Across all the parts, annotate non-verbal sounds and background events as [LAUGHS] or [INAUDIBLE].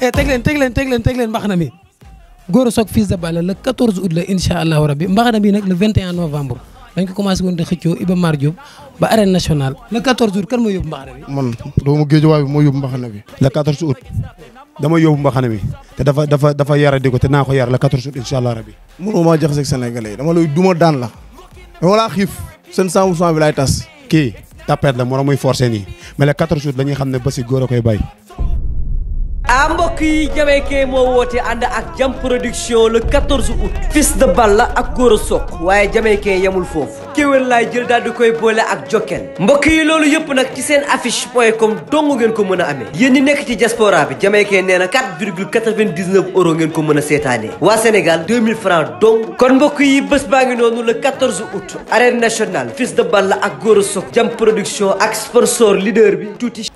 eh teg leen teg leen teg leen teg leen mbaxana mi Gora Sock Fils de Balla le 14 la incha allahu rabi novembre dañ ko commencé woon di xëccoo Iba Mar Diop ba arène nationale le 14 août kan moo yóbbu mbaxana bi. man doomu géejuwaay bi moo yóbbu mbaxana bi. dama yóbbu mbaxana bi te dafa dafa dafa yara di ko te naa ko yar le 14 août allah rabi. mënoo maa jaxase ak sénégalais dama lay duma daan la. wala xiif seen 100% bi laay tas. kii tapet la morom muy forcé nii mais le 14 août la xam ne ba si góor a koy bay a ah, mbokk yi Jamaïcain moo woote ànd ak jam production la 14 août Fils de Balla ak Gora Sock waaye Jamaïcain yamul foofu kéwél laay jël daal di koy boole ak Jokkel mbokk yi loolu yëpp nag ci seen affiche point com dong ngeen ko mën a amee yéen ñi nekk ci diaspora bi Jamaïcain nee na 4,99 euros ngeen ko mën a seetaanee waa Sénégal 2000 francs dong kon mbokk yi bés baa ngi noonu le 14 août arène nationale Fils de Balla ak Gora Sock jam production ak sponsor leader bi tuuti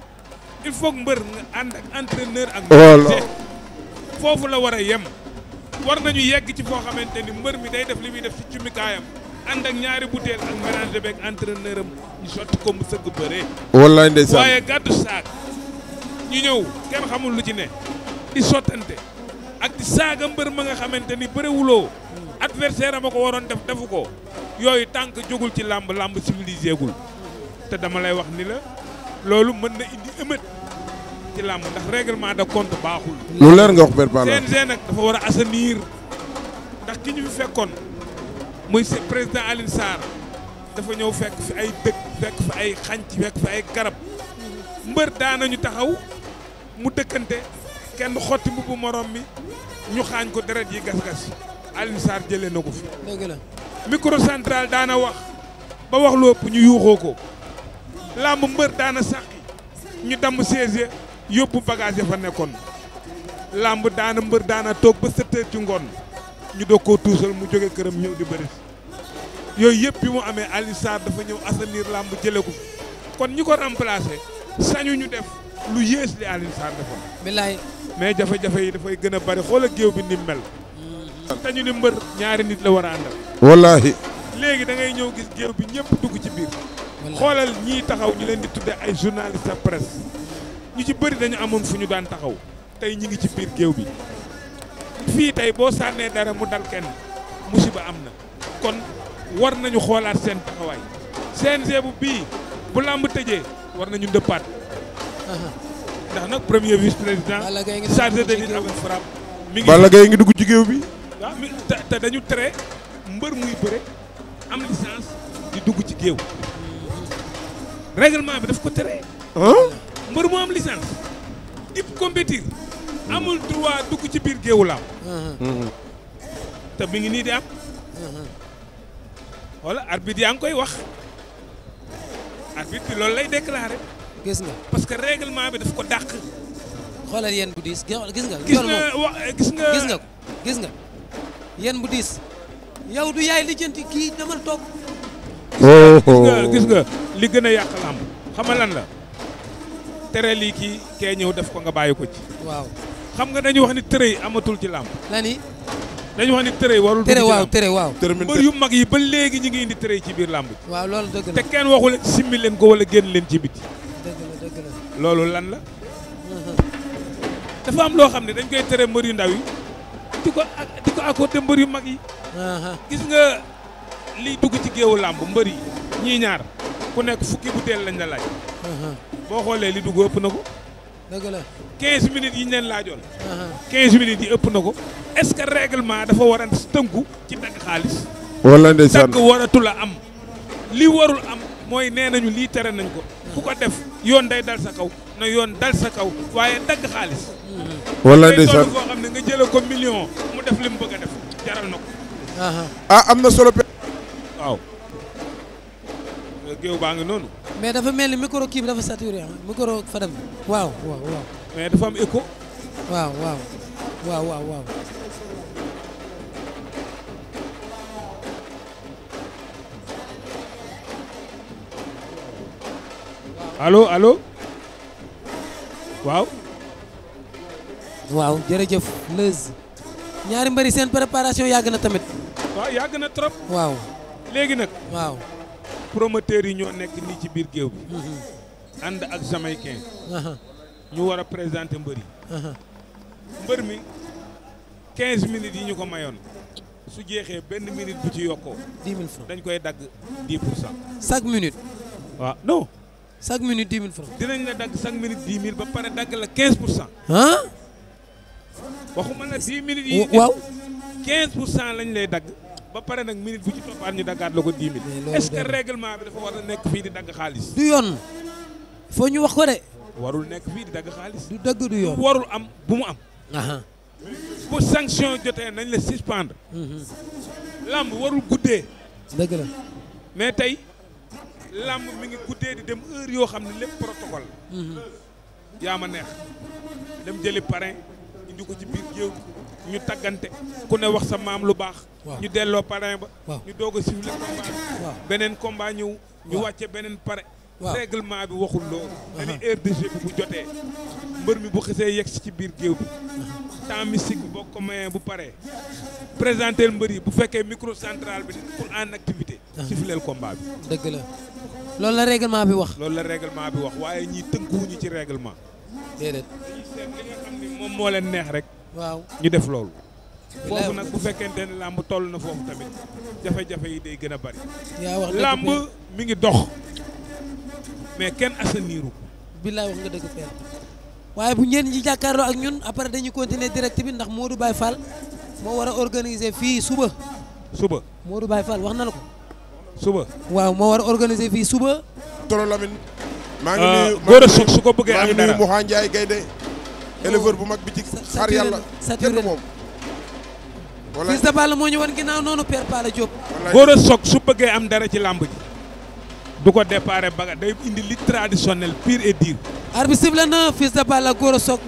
il faut mbër nga ànd ak entraîneur ak oh foofu la war a yem war nañu yegg ci foo xamante ni mbër mi day def li muy def ci cumikaayam ànd ak ñaari butéel ak mélange beeg entraîneur am ñu sotti ko mu sëgg bëree wallaay ndeysaan waaye gàddu saak ñu ñëw kenn xamul lu ci ne di sottante ak di saaga mbër ma nga xamante ni bëriwuloo adversaire ama ko waroon def defu ko yooyu tànk jógul ci làmb làmb civilisé gul te dama lay wax ni la loolu mën na indi ëmët ci làmb ndax règlement de compte baaxul. lu leer nga wax benn baax CNG nag dafa war a assainir ndax ki ñu fi fekkoon muy président Alioune Sarr dafa ñëw fekk fi ay dëkk fekk fi ay xànc fekk fi ay garab mbër daanañu taxaw mu dëkkante kenn xotti mbubu morom mi ñu xaañ ko deret yi gas-gas Alioune Sarr jëlee na ko fi. dëgg la microcentral daana wax ba wax lu ëpp ñu yuuxoo ko. làmb mbër daana sax ñu damm siège yóbbu bagage ya fa nekkoon làmb daana mbër daana toog ba sept ci ngoon ñu doog koo tuusal mu jóge këram ñëw di bëri yooyu yëpp bi mu amee Alioune dafa ñëw assainir làmb jëlee ko kon ñi ko remplacé sañu ñu def lu yées li Alioune Sarr defoon. mais jafe-jafe yi dafay gën a bari xoola géew bi ni mel. tañu ni mbër ñaari nit la war a àndal. wallaahi. léegi da ngay ñëw gis géew bi ñëpp dugg ci biir. xoolal ñii taxaw ñu leen di tuddee ay journaliste de presse ñu ci bëri dañu amoon fu ñu daan taxaw tey ñi ngi ci biir géew bi fii tey boo sànnee dara mu dal kenn musiba am na kon war nañu xoolaat seen taxawaay CNG bu bii bu làmb tëjee war nañu dëppaat [LAUGHS] ndax nag premier vice président chargé de lutte avec frappe mi ngi Balla Gaye ngi dugg ci géew bi waaw ah, te dañu tere mbër muy bëre am licence di dugg ci géew règlement bi daf ko tere. mbër mu am licence. di compétir. amul droit dugg ci biir géewu laaw. te mi ngi nii di am. voilà arbitre yaa ngi koy wax. arbitre bi loolu lay déclaré. gis nga parce que réglement bi daf ko dàq. xoolal yéen bu diis gis nga. gis nga gis nga gis nga gis nga bu diis. yow du yaay lijjanti kii dama toog. Oh. gis nga li gën a yàq làmb xama lan la tere lii kii kee ñëw def ko nga bàyyi ko ci. waaw xam nga dañuy wax ni tere yi amatul ci làmb. lan yi. dañu wax ni tere warul. tere waaw tere waaw. mbër yu mag yi ba léegi ñu ngi indi tere ci biir làmb waaw loolu dëgg la te kenn waxu leen simmi leen ko wala génn leen ci biti. loolu lan la. Uh-huh. dafa am loo xam ne dañ koy tere mbër yu ndaw yi di ko di ko accordé mbër yu mag yi. Uh-huh. gis nga liy dugg ci géewu làmb mbër yi ñii ñaar ku nekk fukki butéel lañ la laaj. boo xoolee li dugg ëpp na ko. dëgg la 15 minutes yi ñu leen laajoon. 15 minutes yi ëpp na ko est-ce que règlement dafa war a tënku ci dagg xaalis. wala ndeysaan dagg waratu la am. li warul am mooy nee nañu lii tere nañ ko ku ko def yoon day dal sa kaw na yoon dal sa kaw waaye dagg xaalis. wala ndeysaan koo xam ne nga jëlee ko million mu def li mu bëgg def jaral na ko. waaw. géew baa ngi noonu. mais dafa mel ni micro kii dafa saturé ah micro fa dem waaw waaw waaw. mais waaw waaw waaw waaw waaw. ñaari mbëri seen préparation yàgg na tamit. waaw yàgg na trop. waaw. léegi nag. waaw promoteurs yi ñoo nekk nii ci biir géew bi. Mm-hmm. ànd ak jamaïcain. Uh-huh. ñu war a présenter mbër yi. Uh-huh. mbër mi 15 minutes yi ñu ko mayoon su jeexee benn minute bu ci yokkoo. 10 000 dañ koy dagg 10 pour cent. chaque minute. waaw non. chaque minute 10 000 francs. dinañ la dagg chaque minute 10 000 ba pare dagg la quinze pour cent. ah. waxuma na 10 minutes yi. waaw 15 pour cent lañ lay dagg. ba pare nag minute bu ci toppaat ñu daggaat la ko 10 est-ce que règlement bi dafa war a nekk fii di dagg xaalis. du yoon foo ñu wax ko de. warul nekk fii di dagg xaalis. du dagg du yoon warul am bu mu am. bu sanction jotee nañ la suspendre. Mhm. làmb warul guddee. dëgg mais tey làmb mi ngi guddee di dem heure yoo xam ne lépp protocole la. Mhm. yaa ma neex dem jëli parrain. indi ko ci biir géew ñu taggante ku ne wax sa maam lu baax. ñu delloo parrain ba. ñu doog a siffler combat bi. beneen combat ñëw. ñu wàcce beneen pare. réglement bi waxul loolu. dañuy heure de bi bu jotee. mbër mi bu xisee yegg ci biir géew bi. temps mystique bi boo ko mayee bu paree. présenté mbër yi bu fekkee micro central bi pour en activité. siffleel combat bi. loolu la règlement bi wax. loolu la réglement bi wax waaye ñii tënkuwuñu ci réglement déedéet. li moom moo leen neex rek. waaw ñu def loolu. foofu nag bu fekkente ne làmb toll na foofu tamit jafe-jafe yi day gën a bari. yaa wax làmb mi ngi dox. mais kenn asaniiru. billaay wax nga dëgg père. waaye bu ngeen ji jàkkaarloo ak ñun après dañu continuer direct bi ndax Modou Baye Fall moo war a organiser fii suba. suba Modou Baye Fall wax na la ko. suba waaw moo war a organiser fii suba. Toro Lamine. maa ngi euh, nuyu góor a suuf su ko bëggee am dara maa ngi mag bi ci xar yàlla kenn moom voilà Fils de Balla ginnaaw noonu Père Pala su bëggee dara ci làmb ji. du ko déparé baga day indi li traditionnel pire et dire. arbitre sifflé na Fils de Balla góor a soog.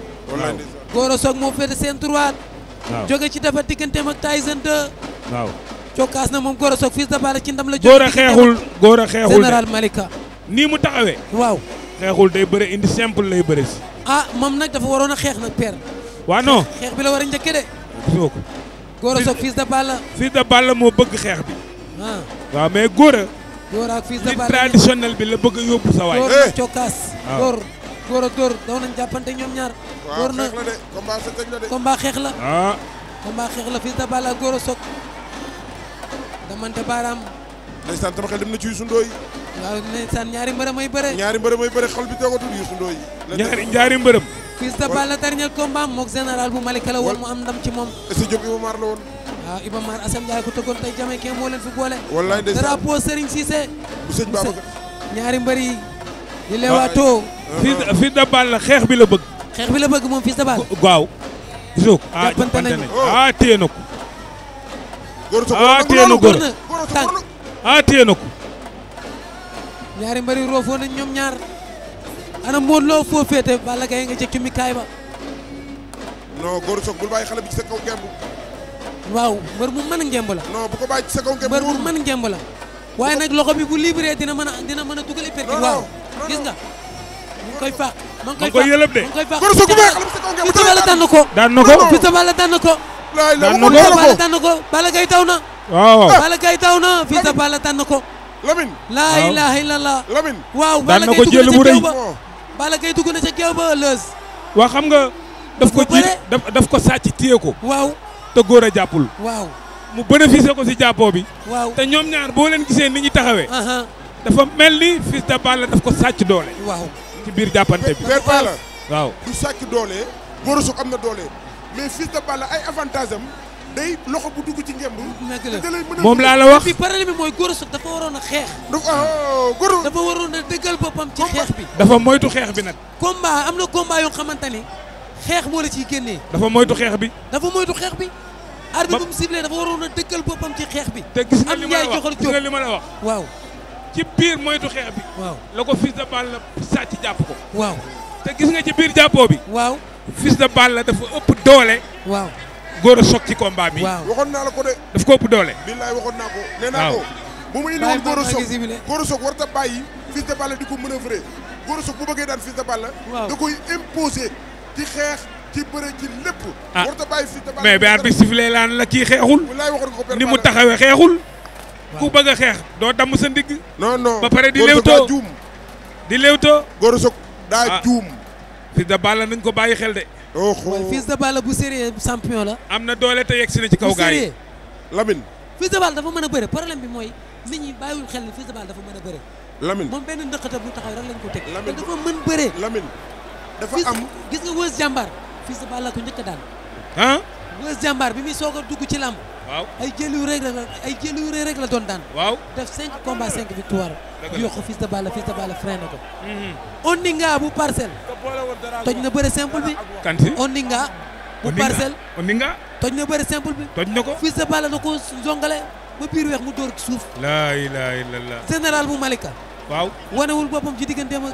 moo féete seen droite. jóge ci dafa digganteem ak Tyson cokkaas na moom góor a soog Fils de Balla ci ndam la. jóge góor général Malika. nii mu taxawee. waaw xeexul day bëre indi simple lay bëre si. ah moom nag dafa waroon a xeex nag per waa non xeex bi la war a njëkk de. gisoo ko. Gora Sock fils de Balla. fils de Balla moo bëgg xeex bi. Ah. waaw mais Gora. Gora ak fils de Balla traditionnel bi la bëgg a yóbbu sa waay. Gora eh. cokkaas. Gor Gora Dóor daw nañ jàppante xeex la de combat sa la de. combat xeex la. ah. combat xeex la fils de damante baaraam. ndeysaan sama xel dem na ci Youssou waaw ndeysaan ñaari mbërëm ay bëre ñaari mbërëm ay bëre xol bi toogatul Youssou Ndoye ñaari ñaari mbërëm Fils de Balla dernier combat mook général bu Malika la mu am ndam ci moom si Diop Iba Mar la woon waaw Iba Mar Assane Ndiaye ko tëggoon tey jame kenn moo leen fi boole wallaay ñaari mbër yi di leewaatoo Fils uh-huh. xeex bi la bëgg xeex bi la bëgg moom Fils de Balla waaw gisoo ko ah jàppante nañu ah ñaari mbari roofoo nañ ñoom ñaar ana Modou Lo foo féete Balla Gaye nga ca kimi kaay ba non góor soog bul bàyyi xale bi ci sa kaw ngemb waaw mbër mu mën a ngemb la non bu ko bàyyi ci sa kaw ngemb mbër mu mën a ngemb la waaye nag loxo bi bu libre dina mën a dina mën a dugal perki waaw gis nga mu ngi koy fàq ma ngi koy yëlëb de góor soog bu bàyyi xale bi ci sa kaw ngemb Fils de Balla daan na ko daan na ko Fils de Balla daan na ko daan na ko Balla daan na ko Balla Gaye taw na waaw Balla Gaye taw na Fils de Balla daan na ko Lamine. laa ilaaha illallah. Lamine. waaw daan na ko jël bu rëy Balla Gaye dugg na ca géew ba Leuz. waa xam nga. daf ko ji daf ko sàcc téye ko. waaw te góor a jàppul. waaw mu bénéficié ko si jàppoo bi. waaw te ñoom ñaar boo leen gisee ni ñu taxawee. dafa mel ni Fils de Balla daf ko sàcc doole. waaw ci biir jàppante bi. Père Balla waaw du sàcc doole. Gora Sock am na doole mais Fils de Balla ay avantage am. day loxo bu dugg ci ngemb. moom laa la wax bi problème bi mooy Gora Sock dafa waroon a xeex. Ah, dafa waroon a dëggal boppam ci xeex bi. dafa moytu xeex bi nag. combat am na combat yoo xamante ne xeex moo la ciy génnee. dafa moytu xeex bi. dafa moytu xeex bi. arbitre bu mu sifflé dafa waroon a dëggal boppam ci xeex bi. te gis nga li ma la wax gis nga li wax. waaw. ci biir moytu xeex bi. waaw la ko Fils de Balla sàcc jàpp ko. waaw te gis nga ci biir jàppoo bi. waaw Fils de Balla dafa ëpp doole. waaw. góor a soog ci combat bi. waaw waxoon naa la ko de. daf ko ëpp doole. billaay ko. waaw nee naa ko bu ma indi woon góor a soog góor a ta bàyyi Fils de di ko manœuvrer góor a soog bu bëggee daan Fils de Balla. da koy imposer ci xeex ci bëre ci lépp. Ah. war ta bàyyi Fils de Balla mais bi arbitre sifflé laan la kii xeexul. ni mu taxawe xeexul. ku bëgg a xeex doo damm sa ndigg. non non ba pare di léwtoo di léwtoo. góor a soog daa ah. juum. Fils de Balla nañ ko bàyyi xel de man Fils de Balla bu sérieux champion la. am na doole te yegg si na ci kaw gaay yi Lamine. Fils de Balla dafa mën a bëre problème bi mooy nit ñi bàyyiwul xel ni Fils de Balla dafa mën a bëre. Lamine moom benn ndëkkata bu taxaw rek lañ ko teg. Lamine dafa mën bëre. Lamine dafa am gis nga wës jàmbaar Fils de Balla ko njëkk a daan. ah. wës jàmbaar bi muy soog a dugg ci làmb waaw ay jël yu rëy ay jël yu rëy rek la doon daan. waaw def 5 combats 5 victoire. dëgg yokk Fils de Balla Fils de Balla freiné ko. Mhm. Ondinga bu parcelle. toj na bëre simple bi. kanti Ondinga. bu parcelle Ondinga. toj na bëre simple bi. toj na ko Fils de Balla na ko zongale ba biir weex mu door ci suuf. laa ilaaha illallaah. général bu Malika. waaw wanewul boppam ci digganteem ak.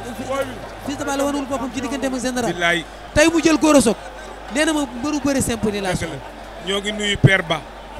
Fils de Balla wanewul boppam ci digganteem ak général. billaay tey mu jël góor a soog. nee na ma mbëru bëre simple yi laa. ñoo ngi nuyu Père Ba.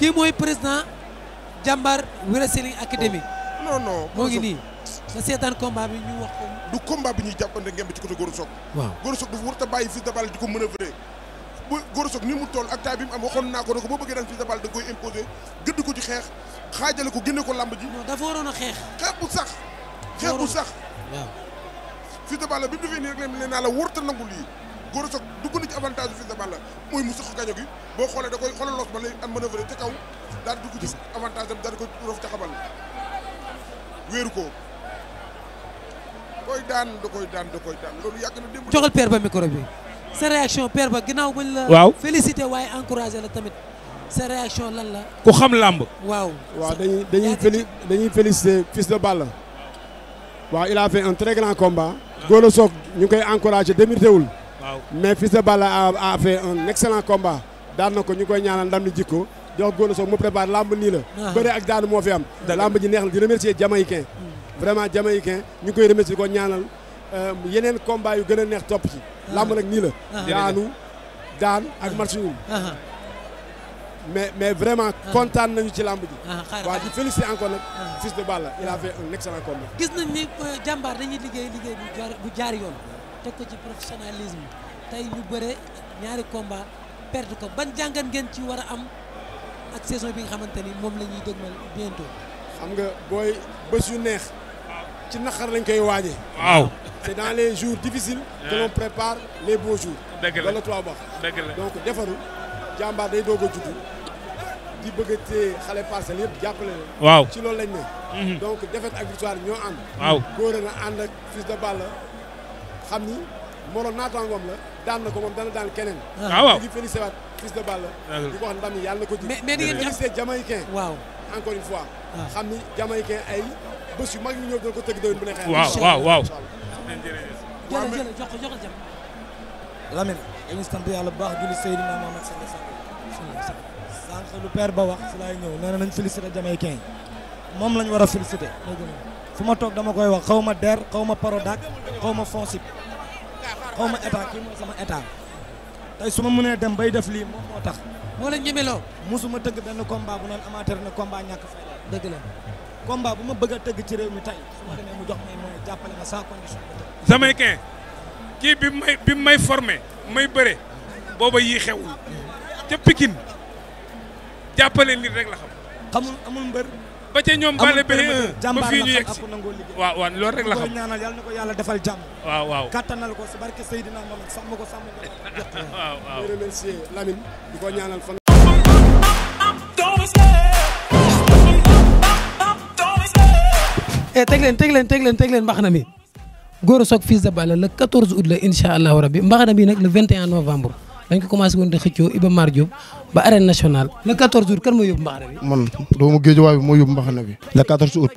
kii mooy président jàmbaar Wrestling Academy. Oh. non non moo ngi nii. nga seetaan combat bi ñu wax ko. du combat bi ñuy jàppante ngeen bi ci côté Gora Sock. waaw Gora Sock dafa warut a bàyyi Fils de Balla di ko manœuvrer. bu Gora Sock ni mu toll ak taay bi mu am waxoon naa ko ne ko boo bëggee daan da nga koy imposer gëdd ko ci xeex xaajale ko génne ko lamb ji. non dafa waroon a xeex. xeex bu sax. xeex de Balla bi mu defee nii rek nee naa la lii. Gora Sock dugg na ci avantage Fils de Balla mooy mu sëq gaño gi boo xoolee da koy xoolal loos ba lay am manœuvre ca kaw daal di dugg ci avantage am daal di ko rof ca xabal wéeru ko koy ba waaw félicité waaye encouragé la tamit sa lan la. ku xam làmb. waaw waaw dañuy dañuy féli dañuy félicité Fils de Balla. waaw il a fait un très grand combat. Gora Sock ñu koy encouragé démérité mais Fils de Balla a a fait un excellent combat daan na ko ñu koy ñaanal ndam ni jikko jox góor soog mu prépare lamb nii la. Ah. bëre ak daanu moo fi am. lamb ji neex na di remercier jamaïcain. vraiment jamaïcain ñu koy remercier ko ñaanal euh, yeneen combat yu gën a neex topp ci. Ah. lamb nag nii la. Ah. daanu daan ak match nul mais mais vraiment kontaan nañu ci lamb ji. waaw di féliciter encore nag. Fils de Balla a fait un excellent combat. gis nañ ni euh, jàmbaar liggéey liggéey bu jaar yoon. teg ko ci professionnalisme tey ñu bëre ñaari combat perte ko ban jàngat ngeen ci war a am ak saison bi nga xamante ni moom la ñuy dégmal bientôt. xam nga booy bés yu neex ci naqar lañ koy waajee. waaw c'est dans les jours difficiles. que l'on prépare les beaux jours. dëgg la wala tubaab wax donc defaru jàmbaar day doog a juddu di bëgg a téye xale parcelles yëpp jàppale leen. waaw ci loolu lañ ne. Mhm. donc défaite ak victoire ñoo ànd. waaw a na ànd ak fils de balle. xam ni mbooloo naataangoom la daan na ko moom dana daan keneen. Ah, waaw waaw di félicité waat fils de Balla. di ko wax ndam yi yàlla na ko ji. mais mais di ngeen félicité jamaïcain. waaw encore une fois. Ah. xam ni jamaïcain ay bés yu mag ñu ñëw dina ko tëgg déwén bu ne xeex. waaw waaw waaw. jërëjëf jërëjëf jox ko jox ko jam. Lamine. dañuy sant yàlla bu baax julli Seydina Mohamed sallallahu alayhi wa sallam. sànq lu père ba wax si laay ñëw nee nañ félicité jamaïcain moom lañ war a félicité. fu ma toog dama koy wax xaw ma DER xaw ma Prodac xaw ma Fonsip xaw ma état sama état tey su ma mënee dem bay def lii moom moo tax. moo la ñemeloo. musuma tëgg benn combat bu naan amateur na combat ñàkk dëgg la combat bu ma bëgg a tëgg ci réew mi tey su ma demee mu jox may mooy jàppale bi may bi may formé may bëre booba yii xewul ca Pikine jàppale nit rek la xam. xamul amul mbër. ba ca ñoom bale bi ba fii ñu yegg si waaw waaw loolu rek la xam na ko yàlla defal jàmm waaw kattanal ko si barke Seydina Mohamed sàmm ko sàmm ko [LAUGHS] waaw waaw remercier Lamine di ko ñaanal fan eh, teg leen teg leen teg leen teg leen mbax na mi Gora Sock fils de Balla le 14 août la incha allahu rabbi mbax na mi nag le 21 novembre dañ ko commencé woon di xëccoo Iba Mar Diop ba arène nationale le 14 août kan moo yóbbu mbaxane bi. man doomu géejuwaay bi moo yóbbu mbaxane bi. le 14 août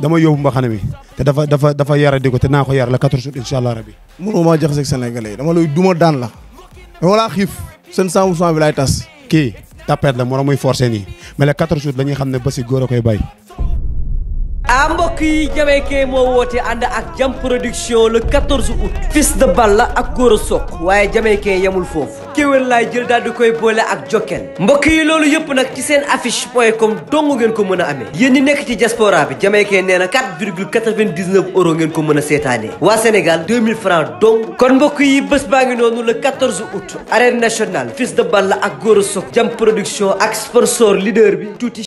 dama yóbbu mbaxane bi te dafa dafa dafa yara di ko te naa ko yar le 14 août incha allah rabi. mënoo maa jaxase ak sénégalais yi dama lay bi laay tas. kii tapet la morom muy forcé nii mais le 14 août la xam ne ba si góor a koy bay a ah, mbokk yi jameekee moo woote ànd ak jam production la 14 août fils de Balla ak Gora Sock waaye jameekee yamul foofu kéwél laay jël daal di koy boole ak jokkeel mbokk yi loolu yëpp nag ci seen affiche point com dong ngeen ko mën a amee yéen ñi nekk ci diaspora bi jameekee nee na 4 virgule 99 euros ngeen ko mën a seetaanee waa Sénégal 2000 francs dong kon mbokk yi bés baa ngi noonu le 14 août national nationale fils de Balla ak Gora Sock jam production ak sponsor leader bi tuuti